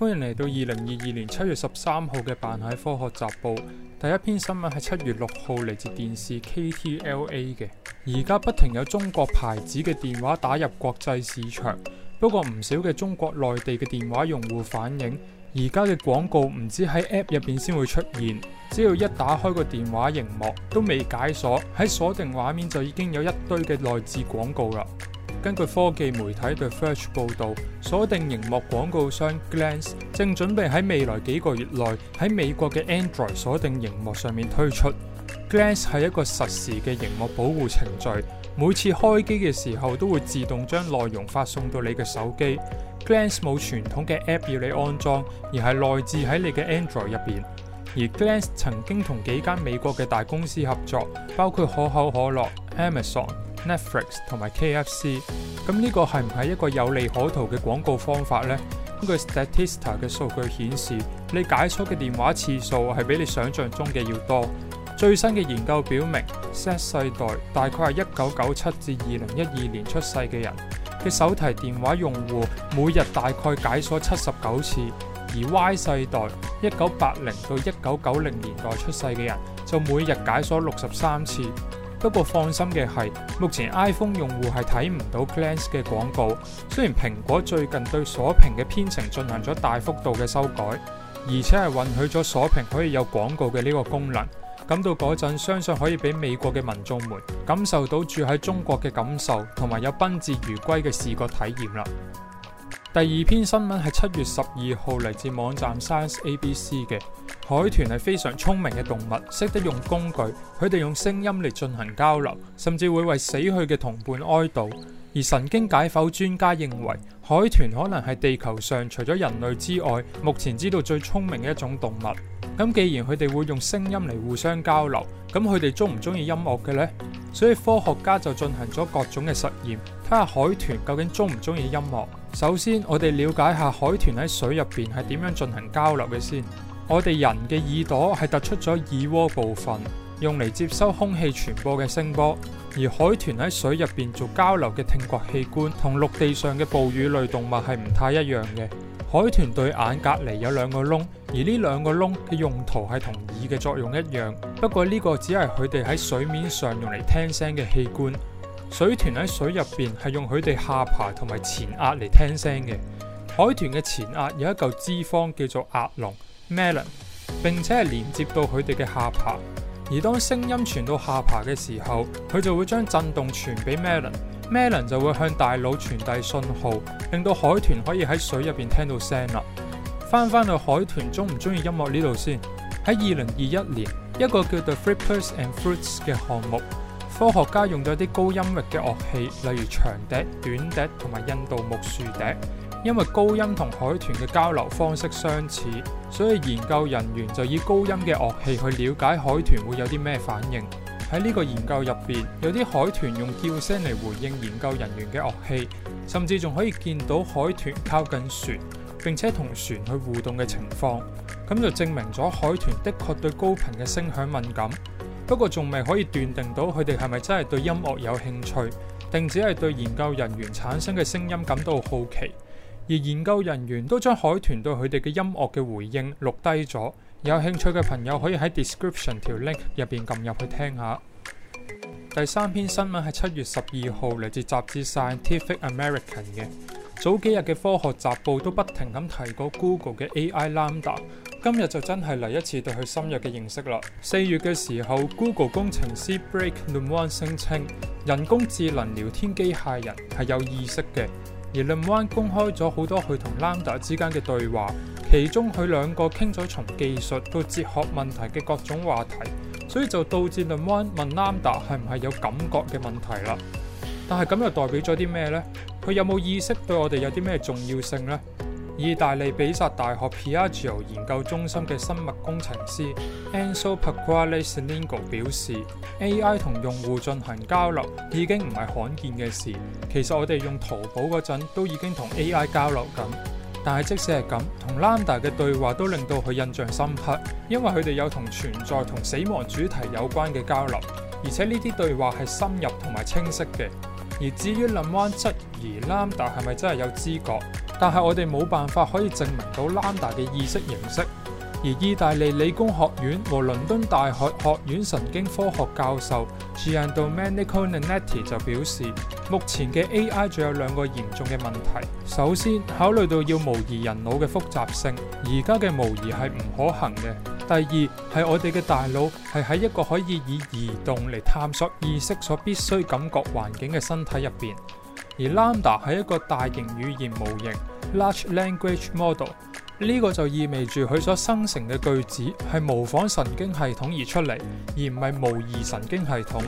歡迎嚟到二零二二年七月十三號嘅《扮蟹科學》雜報，第一篇新聞係七月六號嚟自電視 KTLA 嘅。而家不停有中國牌子嘅電話打入國際市場，不過唔少嘅中國內地嘅電話用戶反映，而家嘅廣告唔止喺 App 入邊先會出現，只要一打開個電話熒幕，都未解鎖，喺鎖定畫面就已經有一堆嘅內置廣告啦。根據科技媒體對 f e s r c h 報導，鎖定熒幕廣告商 Glance 正準備喺未來幾個月內喺美國嘅 Android 鎖定熒幕上面推出。Glance 係一個實時嘅熒幕保護程序，每次開機嘅時候都會自動將內容發送到你嘅手機。Glance 冇傳統嘅 app 要你安裝，而係內置喺你嘅 Android 入邊。而 Glance 曾經同幾間美國嘅大公司合作，包括可口可樂、Amazon。Netflix 同埋 KFC，咁呢個係唔係一個有利可圖嘅廣告方法呢？根據 Statista 嘅數據顯示，你解鎖嘅電話次數係比你想象中嘅要多。最新嘅研究表明，Z 世代大概係一九九七至二零一二年出世嘅人嘅手提電話用戶，每日大概解鎖七十九次；而 Y 世代，一九八零到一九九零年代出世嘅人，就每日解鎖六十三次。不過放心嘅係，目前 iPhone 用戶係睇唔到 Glance 嘅廣告。雖然蘋果最近對鎖屏嘅編程進行咗大幅度嘅修改，而且係允許咗鎖屏可以有廣告嘅呢個功能。咁到嗰陣，相信可以俾美國嘅民眾們感受到住喺中國嘅感受，同埋有賓至如歸嘅視覺體驗啦。第二篇新聞係七月十二號嚟自網站 Science ABC 嘅。海豚係非常聰明嘅動物，識得用工具，佢哋用聲音嚟進行交流，甚至會為死去嘅同伴哀悼。而神經解剖專家認為，海豚可能係地球上除咗人類之外，目前知道最聰明嘅一種動物。咁既然佢哋會用聲音嚟互相交流，咁佢哋鍾唔鍾意音樂嘅咧？所以科學家就進行咗各種嘅實驗，睇下海豚究竟鍾唔鍾意音樂。首先，我哋了解下海豚喺水入邊係點樣進行交流嘅先。我哋人嘅耳朵係突出咗耳蝸部分，用嚟接收空氣傳播嘅聲波，而海豚喺水入邊做交流嘅聽覺器官，同陸地上嘅哺乳類動物係唔太一樣嘅。海豚對眼隔籬有兩個窿，而呢兩個窿嘅用途係同耳嘅作用一樣。不過呢個只係佢哋喺水面上用嚟聽聲嘅器官。水豚喺水入邊係用佢哋下巴同埋前額嚟聽聲嘅。海豚嘅前額有一嚿脂肪叫做額隆 （melon），並且係連接到佢哋嘅下巴。而當聲音傳到下巴嘅時候，佢就會將震動傳俾 melon。m e l 咩 n 就會向大腦傳遞信號，令到海豚可以喺水入邊聽到聲啦。翻翻去海豚中唔中意音樂呢度先。喺二零二一年，一個叫做《f r p i t s and Fruits》嘅項目，科學家用咗啲高音域嘅樂器，例如長笛、短笛同埋印度木樹笛，因為高音同海豚嘅交流方式相似，所以研究人員就以高音嘅樂器去了解海豚會有啲咩反應。喺呢個研究入邊，有啲海豚用叫聲嚟回應研究人員嘅樂器，甚至仲可以見到海豚靠近船，並且同船去互動嘅情況，咁就證明咗海豚的確對高頻嘅聲響敏感。不過仲未可以斷定到佢哋係咪真係對音樂有興趣，定只係對研究人員產生嘅聲音感到好奇。而研究人員都將海豚對佢哋嘅音樂嘅回應錄低咗。有興趣嘅朋友可以喺 description 條 link 入邊撳入去聽下。第三篇新聞係七月十二號嚟自雜誌 Scientific American 嘅。早幾日嘅科學雜報都不停咁提過 Google 嘅 AI Lambda，今日就真係嚟一次對佢深入嘅認識啦。四月嘅時候，Google 工程師 Blake Lemoine 聲稱，人工智能聊天機械人係有意識嘅，而 Lemoine 公開咗好多佢同 Lambda 之間嘅對話。其中佢兩個傾咗從技術到哲學問題嘅各種話題，所以就導致輪灣問 LaMDA 係唔係有感覺嘅問題啦。但係咁又代表咗啲咩呢？佢有冇意識對我哋有啲咩重要性呢？意大利比薩大學 Piaggio 研究中心嘅生物工程師 Enzo Pasquale Scilingo 表示：AI 同用戶進行交流已經唔係罕見嘅事。其實我哋用淘寶嗰陣都已經同 AI 交流緊。但係即使係咁，同 Lambda 嘅對話都令到佢印象深刻，因為佢哋有同存在同死亡主題有關嘅交流，而且呢啲對話係深入同埋清晰嘅。而至於林灣質疑 Lambda 係咪真係有知覺，但係我哋冇辦法可以證明到 Lambda 嘅意識形式。而意大利理工學院和倫敦大學學院神經科學教授 Giandomenico Nannetti 就表示，目前嘅 AI 仲有兩個嚴重嘅問題。首先，考慮到要模擬人腦嘅複雜性，而家嘅模擬係唔可行嘅。第二係我哋嘅大腦係喺一個可以以移動嚟探索意識所必須感覺環境嘅身體入邊。而 Lambda 係一個大型語言模型 （Large Language Model）。呢個就意味住佢所生成嘅句子係模仿神經系統而出嚟，而唔係模擬神經系統。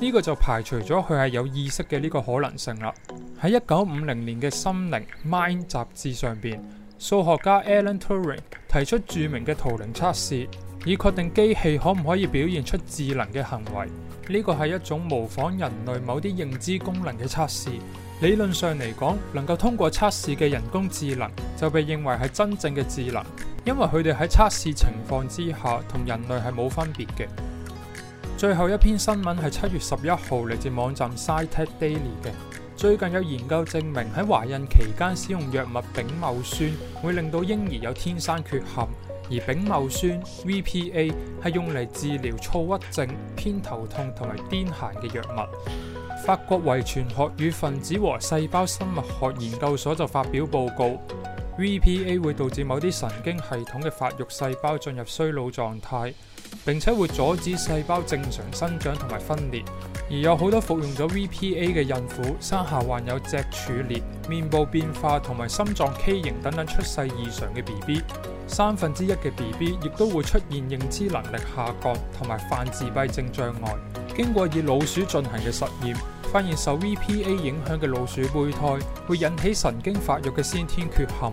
呢個就排除咗佢係有意識嘅呢個可能性啦。喺一九五零年嘅《心靈 Mind》雜誌上邊，數學家 Alan Turing 提出著名嘅圖靈測試，以確定機器可唔可以表現出智能嘅行為。呢個係一種模仿人類某啲認知功能嘅測試。理論上嚟講，能夠通過測試嘅人工智能就被認為係真正嘅智能，因為佢哋喺測試情況之下同人類係冇分別嘅。最後一篇新聞係七月十一號嚟自網站 SciTech Daily 嘅，最近有研究證明喺懷孕期間使用藥物丙戊酸會令到嬰兒有天生缺陷，而丙戊酸 （VPA） 係用嚟治療躁鬱症、偏頭痛同埋癲癇嘅藥物。法國遺傳學與分子和細胞生物學研究所就發表報告，VPA 會導致某啲神經系統嘅發育細胞進入衰老狀態，並且會阻止細胞正常生長同埋分裂。而有好多服用咗 VPA 嘅孕婦，生下患有脊柱裂、面部變化同埋心臟畸形等等出世異常嘅 BB。三分之一嘅 BB 亦都會出現認知能力下降同埋泛自閉症障礙。經過以老鼠進行嘅實驗，發現受 VPA 影響嘅老鼠胚胎會引起神經發育嘅先天缺陷，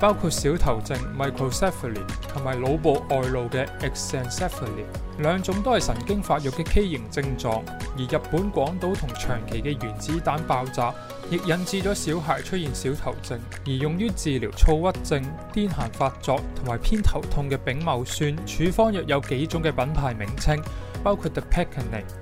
包括小頭症 （microcephaly） 同埋腦部外露嘅 exencephaly，兩種都係神經發育嘅畸形症狀。而日本廣島同長崎嘅原子彈爆炸，亦引致咗小孩出現小頭症。而用於治療躁鬱症、癲癇發作同埋偏頭痛嘅丙戊酸處方藥有幾種嘅品牌名稱，包括 Depakine